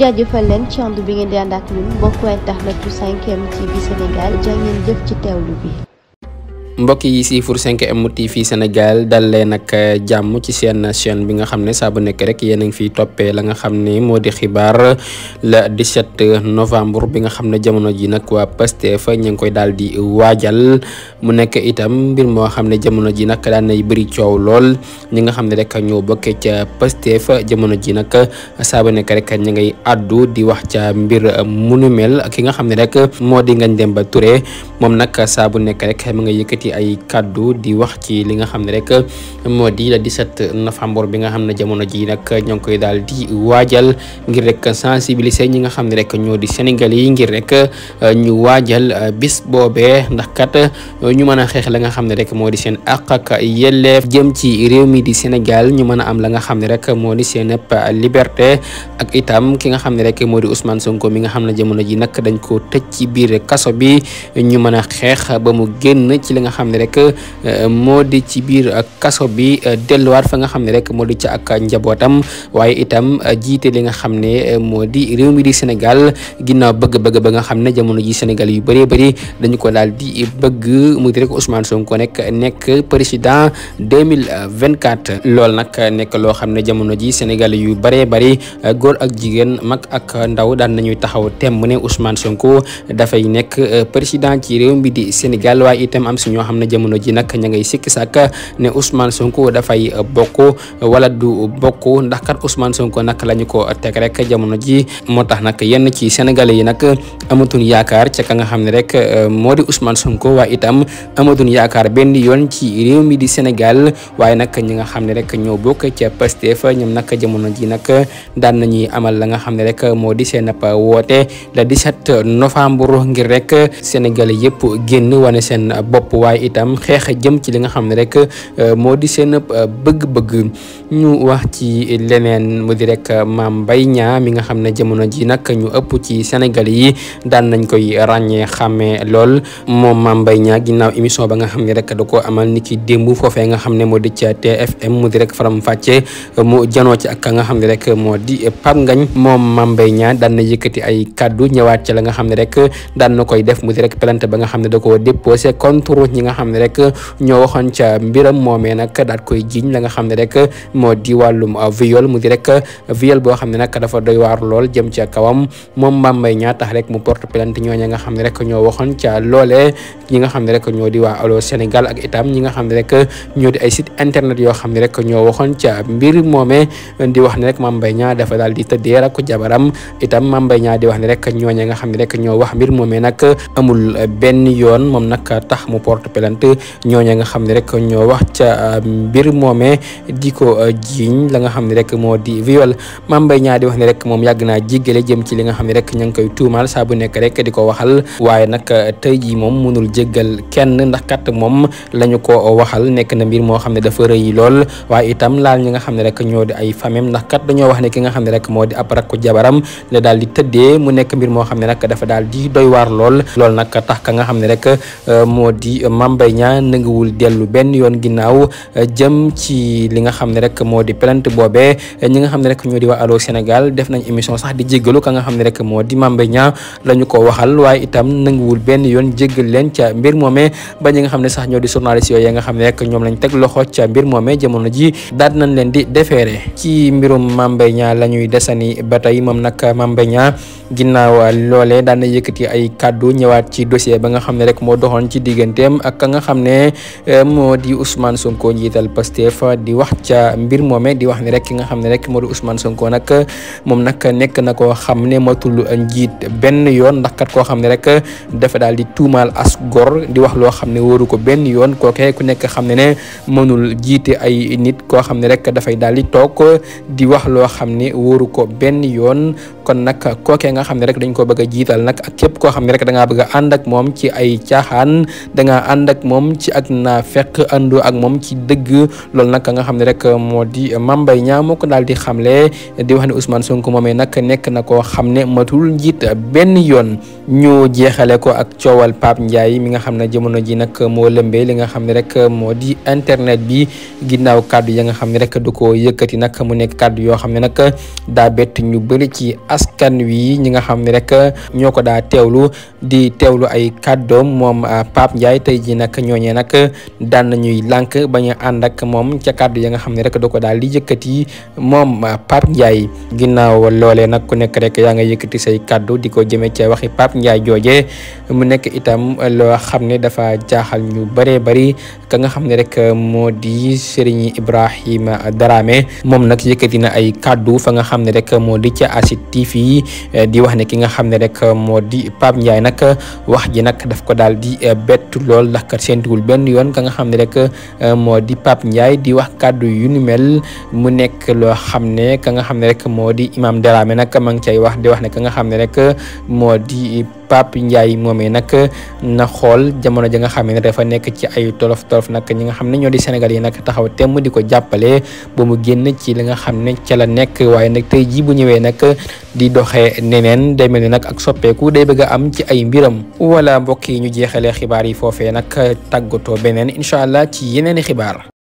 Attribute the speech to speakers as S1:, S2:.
S1: jaajëfal leen ci ànd bi ngeen di ànd bokk ñun mbokk internet bu ci m TV Sénégal jaa ngeen jëf ci teewlu bi. mbokk yi siifur 5M TV Sénégal dal leen ak eh, jàmm ci seen chaîne bi nga xam ne saa bu nekk rek yéen a fiy toppee la nga xam ne moo di xibaar la le 17 novembre bi nga xam ne jamono ji nag waa Pastef ñu ngi koy daal di waajal mu nekk itam mbir moo xam ne jamono ji nag daan nay bëri coow lool ñi nga xam ne rek ñoo bokkee ca fa jamono ji nag saa bu nekk rek ñu ngay àddu di wax ca mbir mu nu mel ki nga xam ne rek moo di nga Ngagne ba Touré moom nag saabu bu nekk rek mu nga yëkkati yëkkati ay kàddu di wax ci li nga xam ne rek moo di le 17 novembre bi nga xam ne jamono ji nag ñoo ngi koy daal di waajal ngir rek sensibiliser ñi nga xam ne rek ñoo di Sénégal yi ngir rek euh, ñu waajal euh, bis boobee ndax kat euh, ñu mën a xeex la nga xam ne rek moo di seen àq ak yelleef jëm ci réew mi di Sénégal ñu mën a am la nga xam ne rek moo di seen liberté ak itam ki nga xam ne rek moo di Ousmane Sonko mi nga xam ne jamono ji nag dañ ko tëj ci biir kaso bi ñu mën a xeex ba mu génn ci li nga xam ne rek euh, moo di ci biir euh, kaso bi euh, delluwaat fa nga xam ne rek moo di ci ak njabootam waaye itam jiite li nga xam ne moo di réew mi di Sénégal ginnaaw bëgg-bëgg ba nga xam ne jamono ji Sénégal yu bëree bëri dañu ko daal di bëgg mu di rek Ousmane Sonko nekk nekk président 2024 loolu nag nekk loo xam ne jamono ji Sénégal yu bëree bëri góor ak jigéen mag ak ndaw daan nañuy taxaw temm ne Ousmane Sonko dafay nekk président ci réew mi di Sénégal waaye itam am suñu nga xam ne jamono ji nag ña ngay sikki sàkk ne Ousmane Sonko dafay bokk wala du bokk ndax kat Ousmane Sonko nag la ko teg rek jamono ji moo tax nag yenn ci sénégalais yi nag amatuñ yaakaar ca ka nga xam ne rek euh, moo di Ousmane Sonko waaye itam amatuñ yaakaar benn yoon ci réew mi di Sénégal waaye nag ñi nga xam ne rek ñoo bokk ca Pastef ñoom nag jamono ji nag daan nañuy amal la nga xam ne rek moo di seen woote le 17 novembre ngir rek sénégalais yëpp génn wane seen bopp waaye waaye itam xeex jëm ci li nga xam ne rek euh, moo di seen euh, bëgg-bëgg ñu wax ci leneen mu di rek euh, Mame Mbaye mi nga xam ne jamono ji nag ñu ëpp ci Sénégal yi daan nañ koy ràññee xàmmee lool moom Mame Mbaye Niang ginnaaw émission ba nga xam ne rek da ko amal ni ki démb foofee nga xam ne moo di ca mu rek faram fàcce mu janoo ci ak ka nga xam ne rek moo di Pape Ngagne moom Mame Mbaye Niang daan na yëkkati ay kàddu ñëwaat ci la nga xam ne rek daan na koy def mu di rek plainte ba nga xam ne da koo déposé contre ñi nga xam ne rek ñoo waxoon ca mbiram moomee nag daat koy jiñ la nga xam ne rek moo di wàllum viol mu di rek viol boo xam ne nag dafa doy waar lool jëm ca kawam moom Mame Mbaye Niang tax rek mu porte plainte ñooña nga xam ne rek ñoo waxoon ca loolee ñi nga xam ne ñoo di waa Allô Sénégal ak itam ñi nga xam ne rek ñoo ay site internet yoo xam ne rek ñoo waxoon ca mbir moomee di wax ne rek Mame Mbaye Niang dafa daal di tëddee rek jabaram itam ma Mbaye Niang di wax ne rek ñooña nga xam ne rek ñoo wax mbir moomee nag amul benn yoon moom nag tax mu porte jàppalante ñooña nga xam ne rek ñoo wax ca euh, mbir moomee di ko euh, jiiñ la nga xam ne rek moo di viol Mame Mbaye di wax ne rek moom yàgg naa jéggale jëm ci li nga xam ne rek ña ngi koy tuumaal saa bu nekk rek di ko waxal waaye nag euh, tey jii moom mënul jéggal kenn ndax kat moom lañu ko waxal nekk na mbir moo xam ne dafa rëy lool waaye itam laal ñi nga xam ne rek ñoo di ay famem ndax kat dañoo wax ne ki nga xam ne rek moo di ab rakku jabaram la daal di tëddee mu nekk mbir moo xam ne nag dafa daal di doy waar lool lool nag tax ka nga xam ne rek moo di Mame Mbaye Niang nanguwul dellu benn yoon ginnaaw eh, jëm ci li nga xam ne rek moo di plainte boobe eh, ñi nga xam ne rek ñoo di waa Allô Sénégal def nañ émission sax di jéggalu ka nga xam ne rek moo di Mame Mbaye Niang la ñu ko waxal waaye itam nanguwul benn yoon jéggal leen ca mbir moomee ba ñi nga xam ne sax ñoo di journaliste yooyu nga xam ne rek ñoom lañu teg loxo ca mbir moomee jamono ji daal nañ leen di déféré ci mbirum Mame Mbaye Niang la ñuy desani ba tey moom nag Mame Mbaye Niang ginnaaw loolee daan na yëkkati ay kàddu ñëwaat ci dossier ba nga xam ne rek moo doxoon ak nga xam ne eh, moo di Ousmane Sonko njiital Pastef di wax ca mbir moome di wax ni rek ki nga xam ne rek moo di Ousmane Sonko nag moom nag nekk na koo xam ne matul njiit benn yoon ndax koo xam ne rek dafa daal di tuumaal as gor di wax loo xam ne wóoru ko benn yoon kooke ku nekk xam ne ne mënul jiite ay nit koo xam ne rek dafay daal di toog di wax loo xam ne wóoru ko benn yoon kon nag kookee nga xam ne rek dañ ko bëgg jiital nag ak képp koo xam ne rek da ngaa bëgg ànd ak moom ci ay caaxaan da ànd ak moom ci ak naa fekk àndoo ak moom ci dëgg loolu nag nga xam ne rek moo di mambay Mbaye Niang moo ko daal di xamle di wax ne Ousmane Sonko moomee nag nekk na koo xam ne matul njiit benn yoon ñu jeexale ko ak coowal Pape Ndiaye mi nga xam ne jamono ji nag moo lëmbee li nga xam ne rek moo di internet bi ginnaaw kàddu ya nga xam ne rek du ko yëkkati nag mu nekk kàddu yoo xam ne nag daa bett ñu bëri ci askan wi ñi nga xam ne rek ñoo ko daa teewlu di teewlu ay ji nag ñooñee nag daan nañuy lànk ba ñu ànd ak moom ca kaddu ya nga xam ne rek doo ko daal di yëkkati moom Pape Ndiaye ginnaaw loolee nag ku nekk rek yaa nga yëkkati say kaddu di ko jëmee ca waxi Pape Ndiaye jooje mu nekk itam loo xam ne dafa jaaxal ñu bëree bëri ka nga xam ne rek moo di Serigne Ibrahima Darame moom nag yëkkati na ay kàddu fa nga xam ne rek moo di ca ASID TV di wax ne ki nga xam ne rek moo di Pape Ndiaye nag wax ji nag daf ko daal di bett lool ndax kat séntuwul benn yoon ka nga xam ne rek euh, moo di Pape Ndiaye di wax kàddu yu ni mel mu nekk loo xam ne ka nga xam ne rek moo di dara Dramé nag ma ngi cay wax di wax ne ka nga xam ne rek moo di. Pape Ndiaye moomee nag na xool jamono ja nga xam ne dafa nekk ci ay tolof tolof nag ñi nga xam ne ñoo di Sénégal yi nag taxaw temm di ko jàppale ba mu génn ci li nga xam ne ca la nekk waaye nag tey jii bu ñëwee nag di doxee neneen day mel ni nag ak soppeeku day bëgg a am ci ay mbiram wala mbokk yi ñu jeexalee xibaar yi foofee nag tàggatoo beneen incha allah ci yeneen i xibaar.